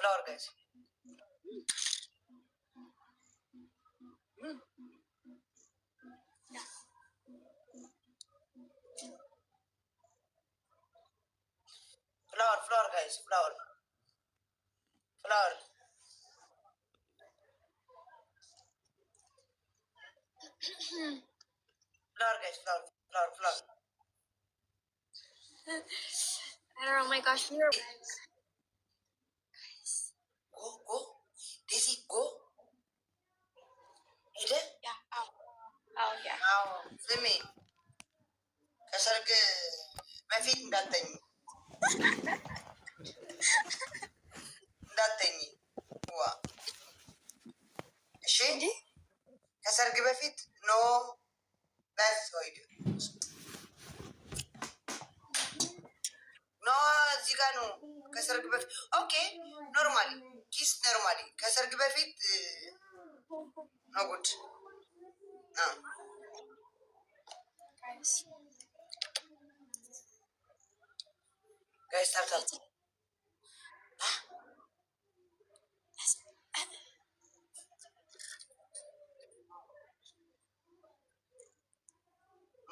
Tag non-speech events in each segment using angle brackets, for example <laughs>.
Flower guys flower flower guys flower flower flower guys flower flower flower I don't know, my gosh, we were ጎ ጎ does it go? ሄደ ስሜ oh, oh, ከሰርግ በፊት እንዳተኝ እንዳተኝ ዋ እሺ ከሰርግ በፊት ኖ ነት ኖ እዚህ ጋር ነው። ከሰርግ በፊት ኦኬ፣ ኖርማሊ ኪስ ኖርማሊ፣ ከሰርግ በፊት ነው ጉድ።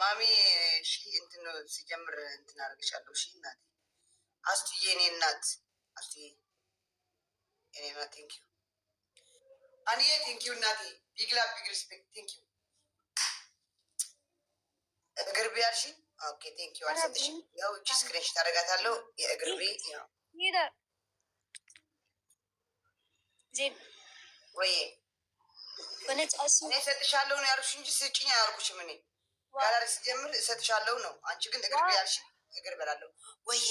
ማሚ እንትን ሲጀምር እንትን አድርግሻለሁ ሺ እናቴ አስቱዬ እኔ እናት አስቱዬ እኔ እናት ቴንክ አንዬ ቴንክ ዩ እናቴ ቢግላ ቢግ ሪስፔክት ቴንክ እግር ቤ ያልሽ ኦኬ ቴንክ ዩ ያው እቺ ስክሪንሽ ታደርጋታለሁ የእግር ወይ እኔ እሰጥሻለሁ ነው ያልኩሽ እንጂ ስጭኝ አያልኩሽም እኔ ጋላሪ ስጀምር እሰጥሻለሁ ነው አንቺ ግን እግር እግር ወይዬ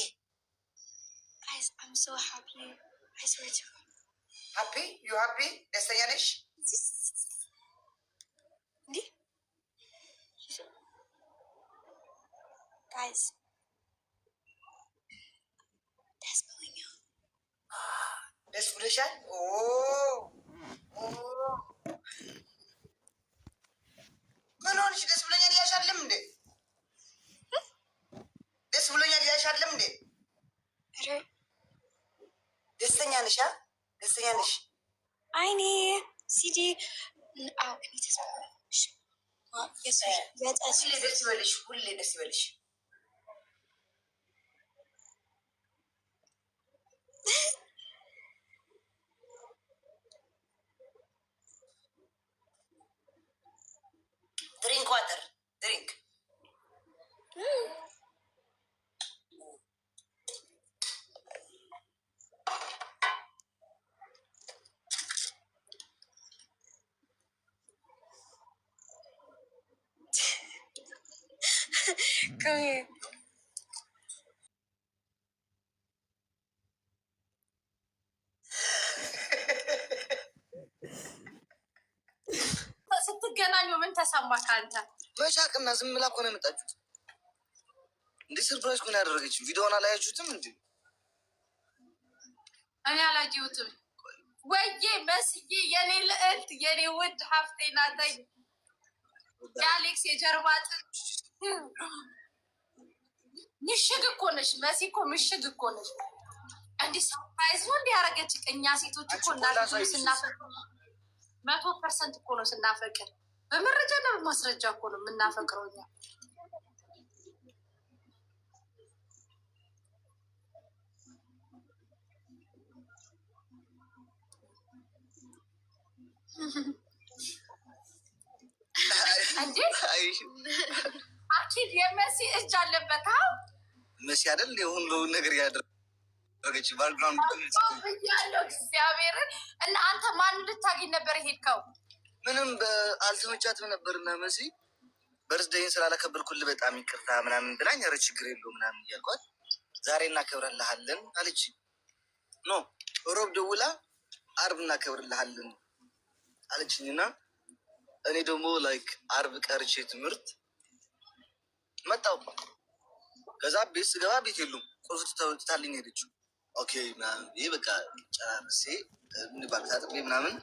Guys, I'm so happy. I swear to God. ሀፒ ዩ ሀፒ ደስተኛ ነሽ? እንዲህ ጋይዝ ደስ ብሎኛል። ደስ ብሎሻል? ኦ ኦ፣ ምን ሆንሽ? ደስ ብሎኛል ያሻልም እንዴ? ደስ ብሎኛል ያሻልም እንዴ? ደስተኛ ነሽ? ደስተኛ ነሽ? አይኔ ሲዲ ደስ ይበልሽ፣ ሁሌ ደስ ይበልሽ። ድሪንክ ዋተር ድሪንክ Go ahead. ስትገናኙ ምን ተሰማ አንተ? መቻቅና ዝም ብላ እኮ ነው የመጣችሁት። እንደ ሰርፕራይዝ እኮ ነው ያደረገችው። ቪዲዮውን አላያችሁትም እንዴ? እኔ አላየሁትም። ወይዬ መስዬ፣ የኔ ልዕልት፣ የኔ ውድ ሀፍቴ ናተኝ የአሌክስ የጀርባ ጥንድ ምሽግ እኮ ነሽ መሲ እኮ ምሽግ እኮ ነሽ። እንዲ ሰርፕራይዝ ነው እንዲ ያረገች እኛ ሴቶች እኮ ስናፈቅር መቶ ፐርሰንት እኮ ነው ስናፈቅር በመረጃ እና በማስረጃ እኮ ነው የምናፈቅረው እኛ <laughs> እንዴ አኪል የመሲ እጅ አለበት። መሲ አይደል ሁሉ ነገር ያደረገች ባልግራውንድያለው እግዚአብሔርን እና አንተ ማን ልታገኝ ነበር ሄድከው? ምንም አልተመቻትም ነበርና መሲ በርዝደይን ስላላከበርኩል በጣም ይቅርታ ምናምን ብላኝ፣ ኧረ ችግር የለው ምናምን እያልኳት ዛሬ እናከብረልሃለን አለች። ኖ ሮብ ደውላ አርብ እናከብርልሃለን አለችኝና እኔ ደግሞ ላይክ አርብ ቀርቼ ትምህርት መጣው። ከዛ ቤት ስገባ ቤት የሉም። ቁልፍ ትታልኝ ሄደችው። ኦኬ ይህ በቃ ጨራርሴ ምንባል ታጥቤ ምናምን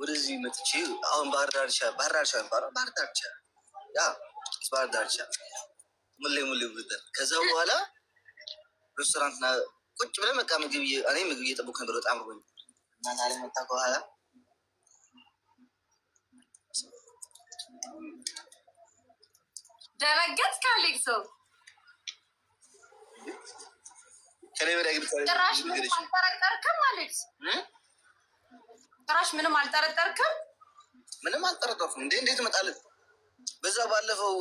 ወደዚህ መጥቼ አሁን ባህር ዳርቻ ባህር ዳርቻ የሚባለው ባህር ዳርቻ ያ ባህር ዳርቻ ሙሌ ሙሌ ብድር ከዛ በኋላ ሬስቶራንት ና ቁጭ ብለን በቃ ምግብ እኔ ምግብ እየጠበኩ ነበር። በጣም ርቦኝ እና ታዲያ መጣ ከኋላ ደረገት ካሌክ ሰው ጭራሽ ምንም አልጠረጠርክም? አሌክስ ጭራሽ ምንም አልጠረጠርክም? ምንም አልጠረጠርኩም። እንዴ እንዴት እመጣለሁ? በዛ ባለፈው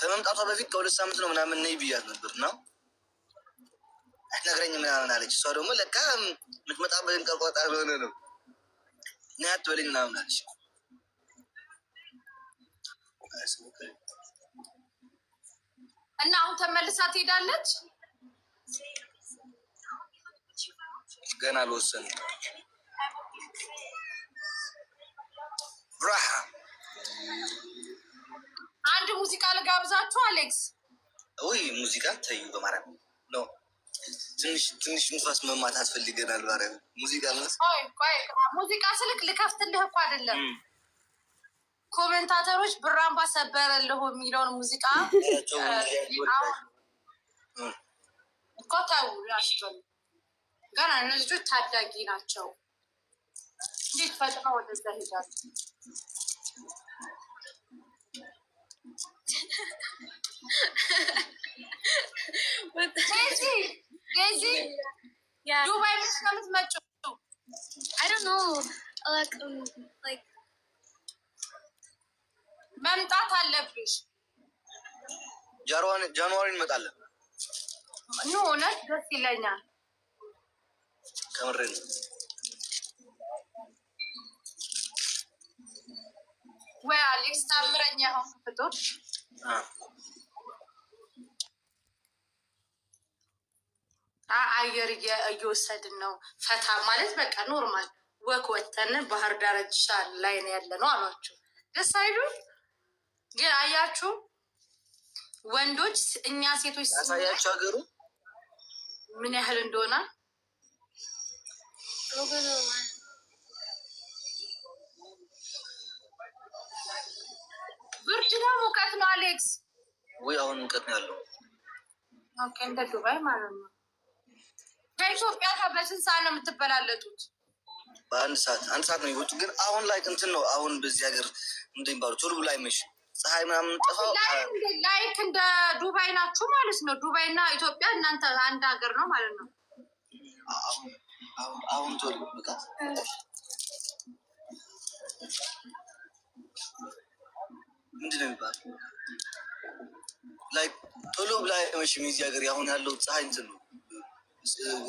ከመምጣቷ በፊት ከሁለት ሳምንት ነው ምናምን ነይ ብያት ነበር እና ነግረኝ ምናምን አለች። እሷ ደግሞ ለካ የምትመጣበትን ቀርቆጣ ሆነ ነው ናያት በለኝ ምናምን አለች። እና አሁን ተመልሳ ትሄዳለች። ገና አልወሰንም። ብራሃ አንድ ሙዚቃ ልጋብዛችሁ። አሌክስ ወይ ሙዚቃ ተዩ፣ በማርያም ኖ ትንሽ ትንሽ ንፋስ መማት አስፈልገናል። ባረ ሙዚቃ ሙዚቃ ስልክ ልከፍትልህ እኮ አይደለም ኮሜንታተሮች ብራምባ ሰበረልሁ የሚለውን ሙዚቃ እኮ ተው ያስበሉ። ገና ልጆች ታዳጊ ናቸው። እንዴት ፈጥና ወደዛ ሄዳሉ? ዱባይ ምናምን መጪው አይ ዶንት ኖ መምጣት አለብሽ። ጃንዋሪ ጃንዋሪ እንመጣለን። ኑ እውነት ደስ ይለኛል። ከምሬን ወይ አሌክስ ታምረኛ ሆን ፍጡር አየር እየወሰድን ነው። ፈታ ማለት በቃ ኖርማል ወክ ወተን ባህር ዳርቻ ላይ ነው ያለ ነው አሏቸው። ደስ አይሉ ግን አያችሁ ወንዶች እኛ ሴቶች ያሳያችሁ ሀገሩ ምን ያህል እንደሆነ ብርድ ነው ሙቀት ነው አሌክስ ወይ አሁን ሙቀት ነው ያለው እንደ ዱባይ ማለት ነው ከኢትዮጵያ በስንት ሰዓት ነው የምትበላለጡት በአንድ ሰዓት አንድ ሰዓት ነው ይወጡ ግን አሁን ላይ እንትን ነው አሁን በዚህ ሀገር እንደሚባሉ ቶሎ ላይ አይመሽም ፀሐይ ምናምን ጠፋው። ላይክ እንደ ዱባይ ናችሁ ማለት ነው። ዱባይ እና ኢትዮጵያ እናንተ አንድ ሀገር ነው ማለት ነው። አሁን ቶሎ በቃ ምንድን የሚባለው? ላይ ቶሎ ላይ መሽም የዚህ ሀገር አሁን ያለው ፀሐይ እንትን ነው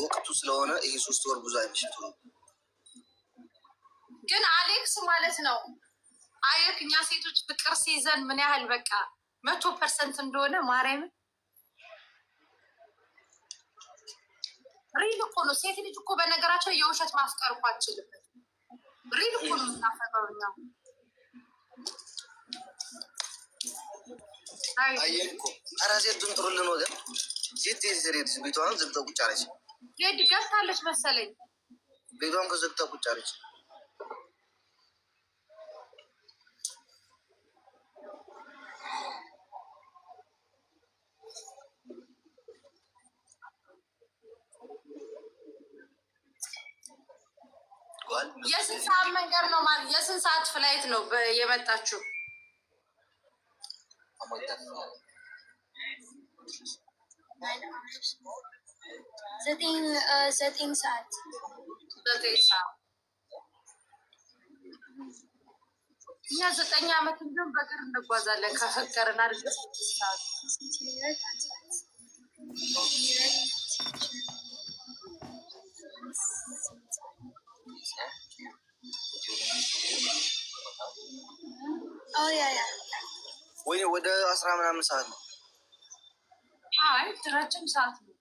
ወቅቱ ስለሆነ ይሄ ሶስት ወር ብዙ አይመሽም ቶሎ ግን አሌክስ ማለት ነው አየክ እኛ ሴቶች ፍቅር ሲይዘን ምን ያህል በቃ መቶ ፐርሰንት እንደሆነ ማርያም ሪል እኮ ነው። ሴት ልጅ እኮ በነገራቸው የውሸት ማፍቀር እኮ አችልበት። ሪል እኮ ነው የምናፈቀው እኛ አየኩ ኧረ ሴቱን ሴት ገብታለች መሰለኝ ቤቷን ከዘግታ ቁጭ አለች። የስንት ሰዓት መንገድ ነው ማለት የስንት ሰዓት ፍላይት ነው የመጣችው? ዘጠኝ ሰዓት ዘጠኝ ሰዓት እኛ ዘጠኝ ዓመት እንዲሁም በእግር እንጓዛለን ከፈቀርን አድርገን ወይ ወደ አስራ ምናምን ሰዓት ነው። አይ ረጅም ሰዓት ነው።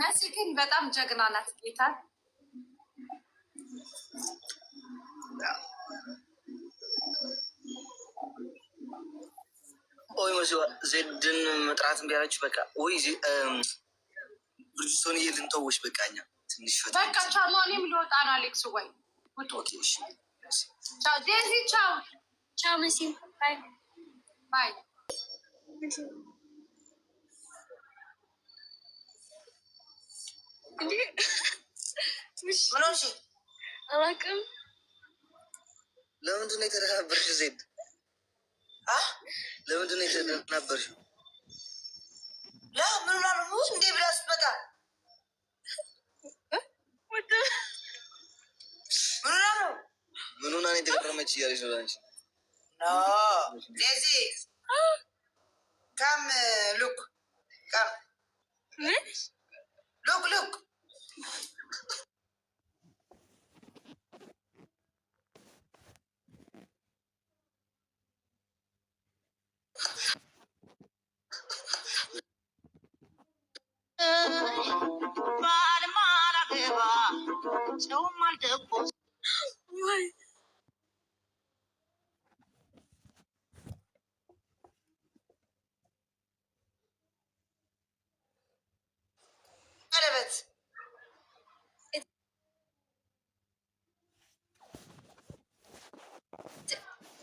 መሲ ግን በጣም ጀግና ናት። ጌታ ኦይ መሲ ዜድን መጥራት እምቢ አለች። በቃ ወይ ብርጅስቶን ልንተወች በቃ እኛ ትንሽ በቃ ቻማኔም እኔም ልወጣ ነው። አሌክስ ወይ ውጡ ቻው ቻው መሲ ባይ ባይ። አላውቅም። ለምንድን ነው የተደናበርሽው? ዜድ ለምንድን ነው የተደናበርሽው? እንዴ ብላ ነው ምኑን እኔ ተቀረመች እያለች ነው አንቺ ኖ ዴዚ ካም ሉክ ካም ሉክ ሉክ ባልማላገባ ሰውም አልደቆ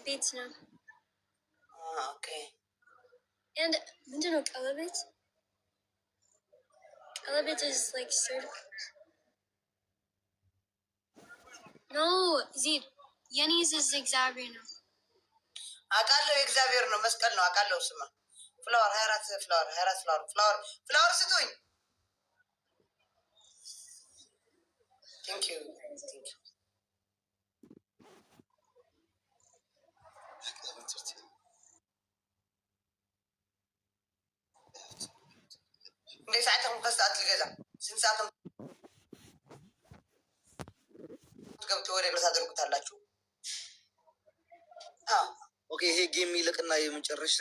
ቤት ነው። ምንድን ነው ቀለበት? ቀለበት ሰርግ ነው። ዜድ የኔ ዝዝ እግዚአብሔር ነው አውቃለሁ። የእግዚአብሔር ነው መስቀል ነው አውቃለሁ። ስማ ፍላወር ሀያ አራት ፍላወር ሀያ አራት ፍላወር ፍላወር ፍላወር ስጡኝ። ቴንክ ዩ እንዴት ሰዓት ከስተ አትልገዛ ስንት ሰዓት ገብቶ ወደ ምረት አድርጉታላችሁ። ኦኬ ይሄ ጌም ይልቅና የመጨረሻ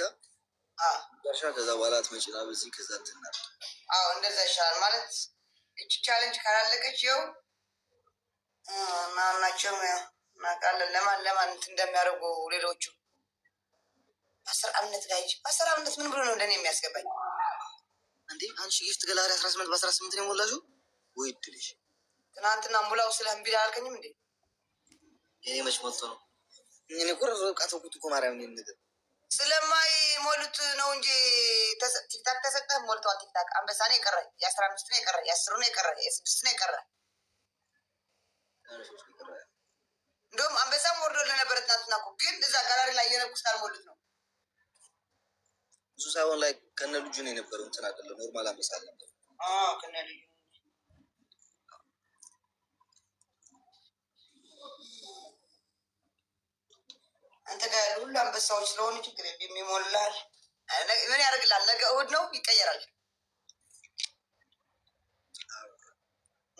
ሻ ከዛ በኋላ ትመጪና በዚህ ከዛ እንትና አዎ እንደዛ ይሻላል ማለት እች ቻለንጅ ካላለቀች ይኸው ናናቸው እናውቃለን ለማን ለማን እንደሚያደርጉ ሌሎቹ በአስር አምነት ላይ በአስር አምነት ምን ብሎ ነው ለእኔ የሚያስገባኝ? እንዴ አንቺ ጊፍት ገላሪ አስራ ስምንት በአስራ ስምንት ነው የሞላሽው? ወይ ልጅ ትናንትና ሙላው ስለ እምቢ አላልከኝም እንዴ? የኔ መች ሞልቶ ነው? እኔ እኮ ቃቶ ኩት እኮ ማርያም ነው ስለማይ ሞሉት ነው እንጂ ቲክታክ ተሰጠ ሞልተዋል። ቲክታክ አንበሳ ነው የቀረ፣ የአስራ አምስት ነው የቀረ፣ የአስሩ ነው የቀረ፣ የስድስት ነው የቀረ። እንደውም አንበሳም ወርዶ ለነበረ ትናንትና እኮ ግን እዛ ጋላሪ ላይ የነኩ አልሞሉት ነው ብዙ ሳይሆን ላይ ከነ ልጁ ነው የነበረው። እንትን አደለ ኖርማል አንበሳ አልነበረ ከነ ልጁ አንተ ጋር ያለ ሁሉ አንበሳዎች ስለሆኑ ችግር የለም። ይሞላል። ምን ያደርግላል? ነገ እሑድ ነው፣ ይቀየራል።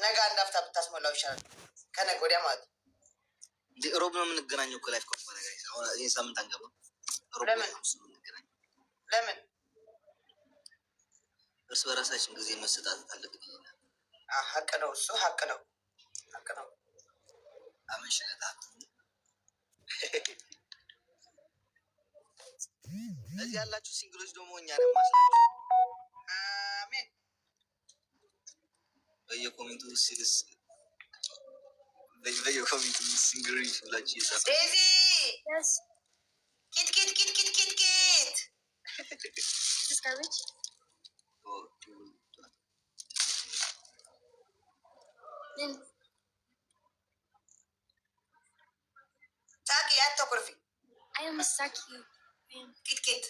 ነገ አንድ ሀፍታ ብታስሞላው ይሻላል፣ ከነገ ወዲያ ማለት ነው። ሮብ ነው የምንገናኘው እኮ ኮፍ ነገር ሳምንት አንገባ። ለምን ለምን እርስ በራሳችን ጊዜ መሰጣጠት አለብን። ሀቅ ነው፣ እሱ ሀቅ ነው፣ ሀቅ ነው። እዚህ ያላችሁ ሲንግሎች ደግሞ እኛ ደግሞ አሜን። በየኮሜንቱ በየኮሜንቱ ሲንግሎች ብላችሁ እየጻፋችሁ ኪት ኪት ኪት ኪት ኪት ኪት ሳኪ ቂጥቂጥ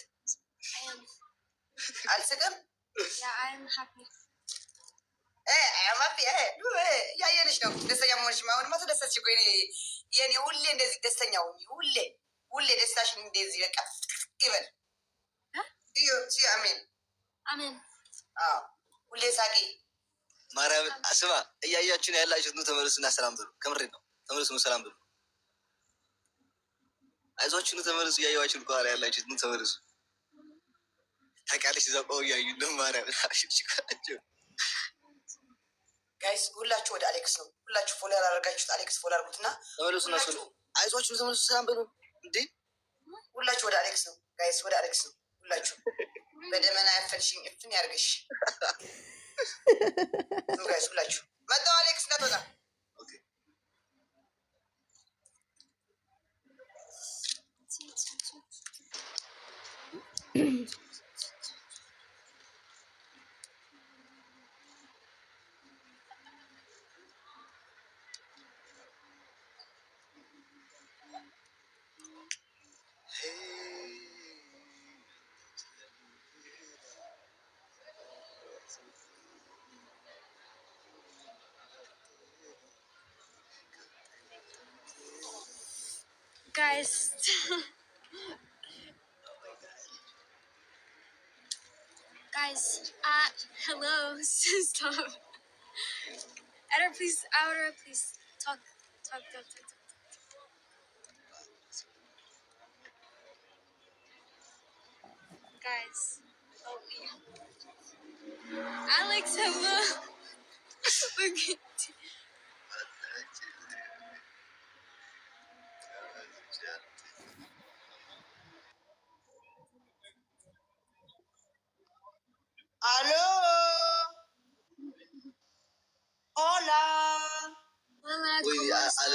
አልስቅም። ያየንሽ ነው ደስተኛ መሆንሽ። አሁንማ ተደሰትሽ እኮ የኔ ሁሌ እንደዚህ ደስተኛ ሁኚ። ሁሌ ሁሌ ደስታሽን እንደዚህ በቃ ይበል። አሜን አሜን። ሁሌ ሳቂ። ማርያም ስማ፣ እያያችን ያላችሁት። ኑ ተመልሱና ሰላም ብሉ። ከምሬ ነው። ተመልሱ፣ ሰላም ብሉ። አይዟችሁ ነው ተመለሱ። እያየኋችሁ ከኋላ ያላችሁት ነው ተመለሱ። ታውቂያለሽ ዘቆ እያዩ ማርያም ጋይስ፣ ሁላችሁ ወደ አሌክስ ነው። ሁላችሁ ፎሎ ያላደረጋችሁት አሌክስ ፎሎ አድርጉት እና ተመለሱ። ና አይዟችሁ ተመለሱ። ሰላም በሉ እንዴ። ሁላችሁ ወደ አሌክስ ነው ጋይስ፣ ወደ አሌክስ ነው ሁላችሁ። በደመና ያፈልሽኝ እፍን ያርገሽ ጋይስ። <laughs> ሁላችሁ መጣው አሌክስ እንዳትወጣ Guys. Guys, uh, hello, <laughs> stop. Editor, please, outer, please, talk, talk, talk, talk, talk. Guys, oh yeah. Alex, hello. <laughs> okay.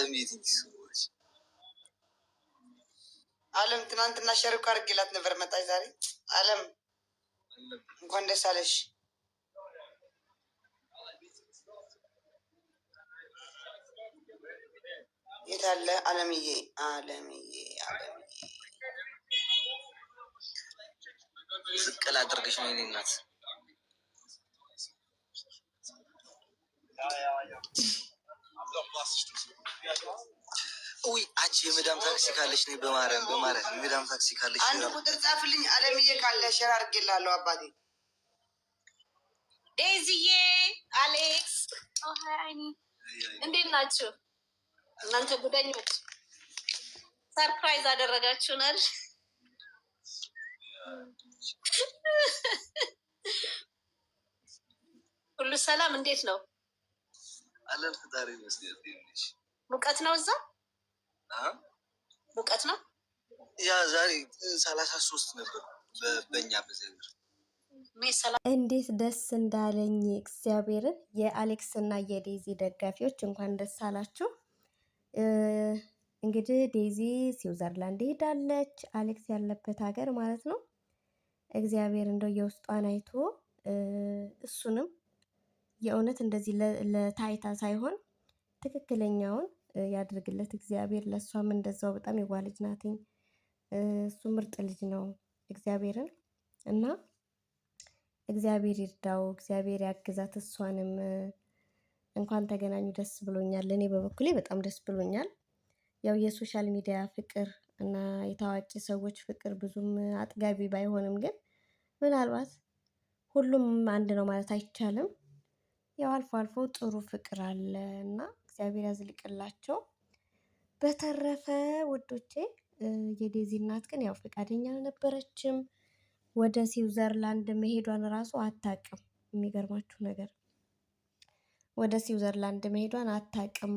አቤት እንጂ አለም ትናንትና ሸሪኮ አድርጌላት ነበር። መጣች ዛሬ። አለም እንኳን ደስ አለሽ። የት አለ አለምዬ? አለምዬ አለምዬ ዝቅል አድርገሽ ነው የእኔ እናት ውይ አንቺ የመዳም ታክሲ ካለች ነይ፣ በማርያም በማርያም የመዳም ታክሲ ካለሽ አንድ ቁጥር ጻፍልኝ። አለምዬ ካለ ሸር አድርጌላለሁ። አባቴ ዴዚዬ፣ አሌክስ እንዴት ናችሁ እናንተ ጉደኞች? ሰርፕራይዝ አደረጋችሁናል። ሁሉ ሰላም እንዴት ነው? አለን። ፈጣሪ ይመስገን። ሙቀት ነው እዛ ሙቀት ነው። ያ ዛሬ ሰላሳ ሶስት ነበር በእኛ በዘንድሮ እንዴት ደስ እንዳለኝ እግዚአብሔርን። የአሌክስ እና የዴዚ ደጋፊዎች እንኳን ደስ አላችሁ። እንግዲህ ዴዚ ስዊዘርላንድ ሄዳለች፣ አሌክስ ያለበት ሀገር ማለት ነው። እግዚአብሔር እንደው የውስጧን አይቶ እሱንም የእውነት እንደዚህ ለታይታ ሳይሆን ትክክለኛውን ያድርግለት እግዚአብሔር። ለእሷም እንደዛው በጣም የዋህ ልጅ ናትኝ። እሱ ምርጥ ልጅ ነው እግዚአብሔርን እና እግዚአብሔር ይርዳው፣ እግዚአብሔር ያግዛት። እሷንም እንኳን ተገናኙ ደስ ብሎኛል። እኔ በበኩሌ በጣም ደስ ብሎኛል። ያው የሶሻል ሚዲያ ፍቅር እና የታዋቂ ሰዎች ፍቅር ብዙም አጥጋቢ ባይሆንም ግን ምናልባት ሁሉም አንድ ነው ማለት አይቻልም። ያው አልፎ አልፎ ጥሩ ፍቅር አለ እና እግዚአብሔር ያዝልቅላቸው። በተረፈ ውዶቼ የዴዚ እናት ግን ያው ፈቃደኛ አልነበረችም። ወደ ስዊዘርላንድ መሄዷን ራሱ አታቅም። የሚገርማችሁ ነገር ወደ ስዊዘርላንድ መሄዷን አታቅም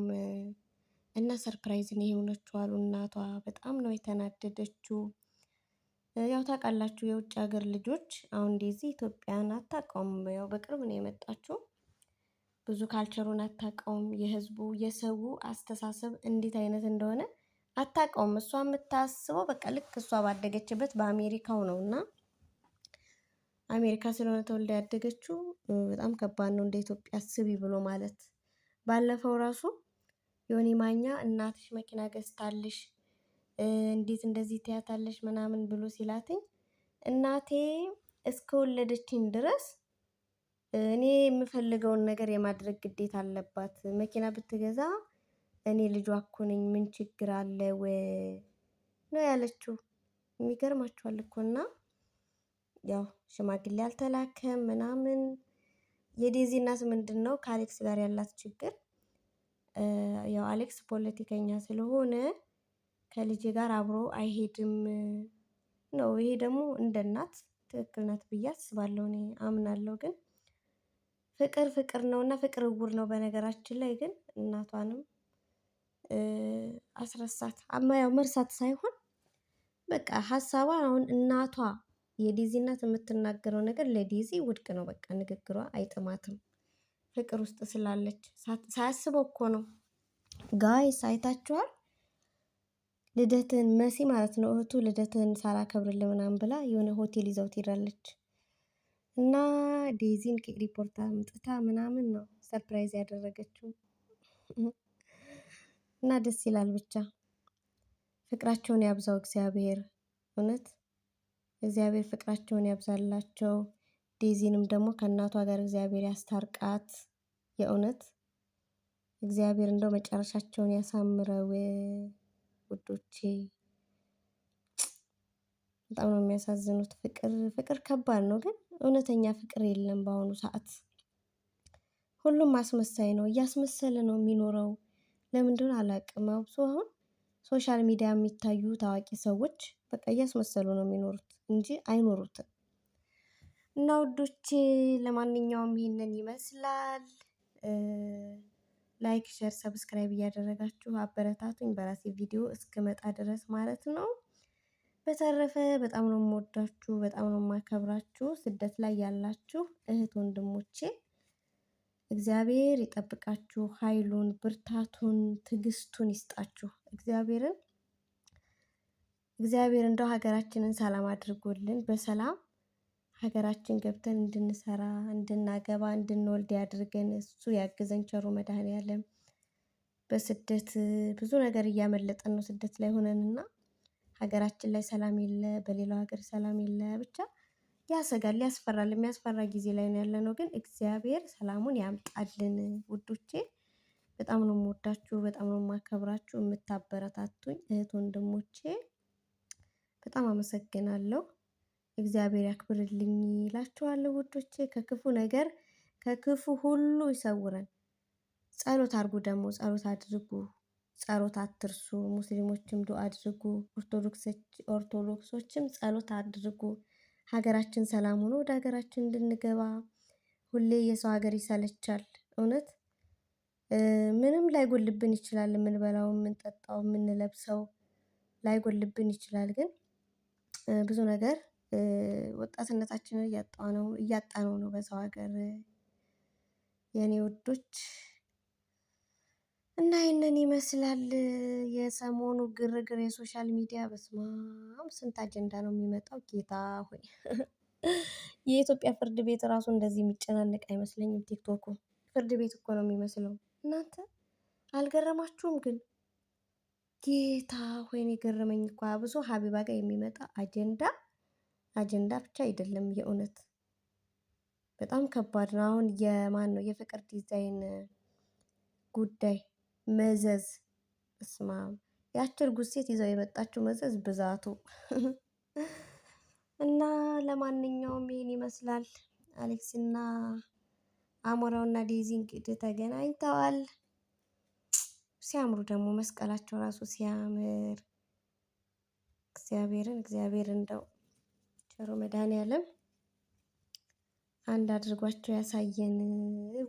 እና ሰርፕራይዝ ነው የሆነችው አሉ እናቷ። በጣም ነው የተናደደችው። ያው ታውቃላችሁ የውጭ ሀገር ልጆች አሁን ዴዚ ኢትዮጵያን አታውቀውም። ያው በቅርብ ነው የመጣችው። ብዙ ካልቸሩን አታውቀውም። የህዝቡ የሰው አስተሳሰብ እንዴት አይነት እንደሆነ አታውቀውም። እሷ የምታስበው በቃ ልክ እሷ ባደገችበት በአሜሪካው ነው እና አሜሪካ ስለሆነ ተወልዳ ያደገችው በጣም ከባድ ነው። እንደ ኢትዮጵያ አስቢ ብሎ ማለት ባለፈው ራሱ የሆነ ማኛ እናትሽ መኪና ገዝታልሽ እንዴት እንደዚህ ትያታለሽ ምናምን ብሎ ሲላትኝ እናቴ እስከወለደችኝ ድረስ እኔ የምፈልገውን ነገር የማድረግ ግዴታ አለባት። መኪና ብትገዛ እኔ ልጇ እኮ ነኝ ምን ችግር አለ ወይ ነው ያለችው። የሚገርማችኋል እኮ እና ያው ሽማግሌ አልተላከም ምናምን። የዴዚ እናት ምንድን ነው ከአሌክስ ጋር ያላት ችግር፣ ያው አሌክስ ፖለቲከኛ ስለሆነ ከልጅ ጋር አብሮ አይሄድም ነው። ይሄ ደግሞ እንደ እናት ትክክል ናት ብዬ አስባለሁ፣ እኔ አምናለሁ ግን ፍቅር ፍቅር ነው እና ፍቅር እውር ነው። በነገራችን ላይ ግን እናቷንም አስረሳት አማ ያው መርሳት ሳይሆን በቃ ሀሳቧ አሁን እናቷ የዲዚ እናት የምትናገረው ነገር ለዴዚ ውድቅ ነው። በቃ ንግግሯ አይጥማትም። ፍቅር ውስጥ ስላለች ሳያስበው እኮ ነው። ጋይስ አይታችኋል? ልደትን መሲ ማለት ነው እህቱ ልደትን ሳላከብርልህ ምናምን ብላ የሆነ ሆቴል ይዘው ትሄዳለች። እና ዴዚን ሪፖርት አምጥታ ምናምን ነው ሰርፕራይዝ ያደረገችው። እና ደስ ይላል ብቻ ፍቅራቸውን ያብዛው እግዚአብሔር። እውነት እግዚአብሔር ፍቅራቸውን ያብዛላቸው። ዴዚንም ደግሞ ከእናቷ ጋር እግዚአብሔር ያስታርቃት። የእውነት እግዚአብሔር እንደው መጨረሻቸውን ያሳምረው። ውዶቼ በጣም ነው የሚያሳዝኑት። ፍቅር ፍቅር ከባድ ነው ግን እውነተኛ ፍቅር የለም በአሁኑ ሰዓት። ሁሉም አስመሳይ ነው፣ እያስመሰለ ነው የሚኖረው። ለምንድን አላቅመው አብሶ አሁን ሶሻል ሚዲያ የሚታዩ ታዋቂ ሰዎች በቃ እያስመሰሉ ነው የሚኖሩት እንጂ አይኖሩትም። እና ውዶቼ ለማንኛውም ይህንን ይመስላል። ላይክ፣ ሸር፣ ሰብስክራይብ እያደረጋችሁ አበረታቱኝ በራሴ ቪዲዮ እስክመጣ ድረስ ማለት ነው። በተረፈ በጣም ነው የምወዳችሁ፣ በጣም ነው የማከብራችሁ። ስደት ላይ ያላችሁ እህት ወንድሞቼ እግዚአብሔር ይጠብቃችሁ፣ ኃይሉን፣ ብርታቱን፣ ትዕግስቱን ይስጣችሁ። እግዚአብሔርን እግዚአብሔር እንደው ሀገራችንን ሰላም አድርጎልን በሰላም ሀገራችን ገብተን እንድንሰራ፣ እንድናገባ፣ እንድንወልድ ያድርገን። እሱ ያግዘን ቸሩ መድኃኔዓለም። በስደት ብዙ ነገር እያመለጠን ነው ስደት ላይ ሆነንና ሀገራችን ላይ ሰላም የለ በሌላው ሀገር ሰላም የለ ብቻ ያሰጋል ያስፈራል የሚያስፈራ ጊዜ ላይ ነው ነው። ግን እግዚአብሔር ሰላሙን ያምጣልን ውዶቼ በጣም ነው የምወዳችሁ በጣም ነው የማከብራችሁ የምታበረታቱኝ እህት ወንድሞቼ በጣም አመሰግናለሁ እግዚአብሔር ያክብርልኝ ይላችኋለሁ ውዶቼ ከክፉ ነገር ከክፉ ሁሉ ይሰውረን ጸሎት አድርጉ ደግሞ ጸሎት አድርጉ ጸሎት አትርሱ፣ ሙስሊሞችም ዱ አድርጉ፣ ኦርቶዶክሶችም ጸሎት አድርጉ። ሀገራችን ሰላም ሆኖ ወደ ሀገራችን እንድንገባ። ሁሌ የሰው ሀገር ይሰለቻል። እውነት ምንም ላይጎልብን ይችላል፣ የምንበላው፣ የምንጠጣው፣ የምንለብሰው ላይጎልብን ይችላል። ግን ብዙ ነገር ወጣትነታችንን እያጣነው ነው በሰው ሀገር የኔ ውዶች። እና ይህንን ይመስላል የሰሞኑ ግርግር የሶሻል ሚዲያ። በስማም ስንት አጀንዳ ነው የሚመጣው? ጌታ ሆይ <laughs> የኢትዮጵያ ፍርድ ቤት እራሱ እንደዚህ የሚጨናነቅ አይመስለኝም። ቲክቶኩ ፍርድ ቤት እኮ ነው የሚመስለው። እናንተ አልገረማችሁም ግን? ጌታ ሆይን የገረመኝ እኮ ብዙ ሀቢባ ጋር የሚመጣ አጀንዳ አጀንዳ ብቻ አይደለም። የእውነት በጣም ከባድ ነው። አሁን የማን ነው የፍቅር ዲዛይን ጉዳይ መዘዝ እስማ ያች እርጉዝ ሴት ይዘው የመጣችው መዘዝ ብዛቱ <laughs> እና ለማንኛውም ይህን ይመስላል። አሌክስና አሞራውና ዴዚ እንግዲህ ተገናኝተዋል። ሲያምሩ ደግሞ መስቀላቸው ራሱ ሲያምር እግዚአብሔርን እግዚአብሔር እንደው ቸሩ መድኃኔዓለም አንድ አድርጓቸው ያሳየን፣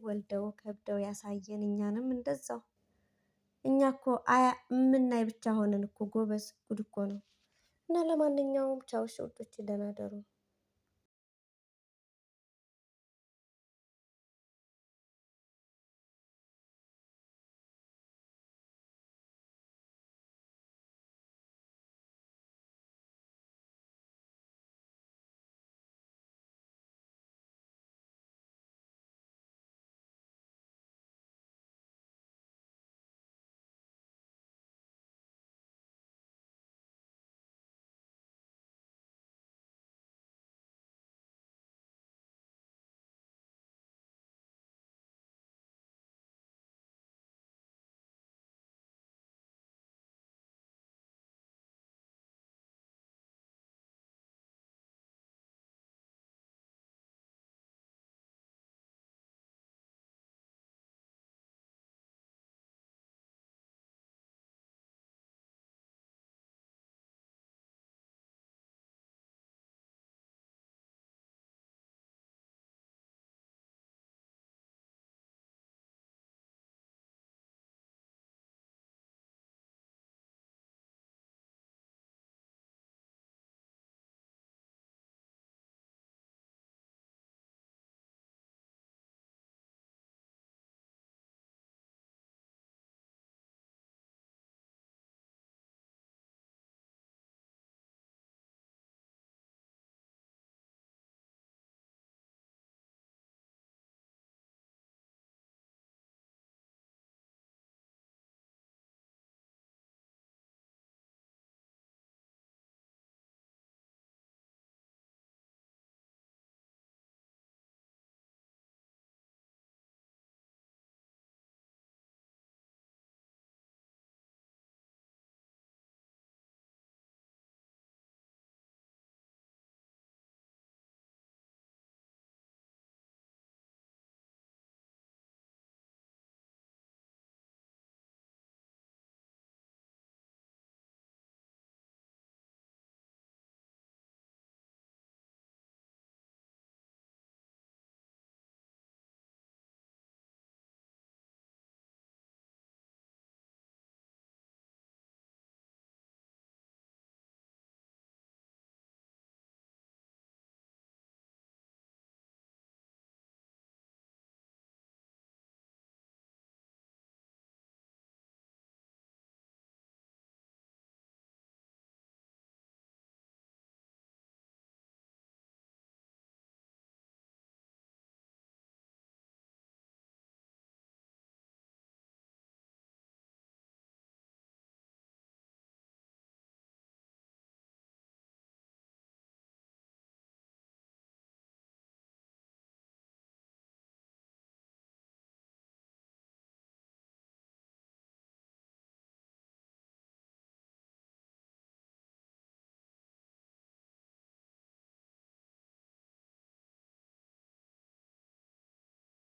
ወልደው ከብደው ያሳየን፣ እኛንም እንደዛው እኛ እኮ የምናይ ብቻ ሆነን እኮ ጎበዝ ጉድ እኮ ነው። እና ለማንኛውም ቻውሽ ውዶች ደህና ደሩ።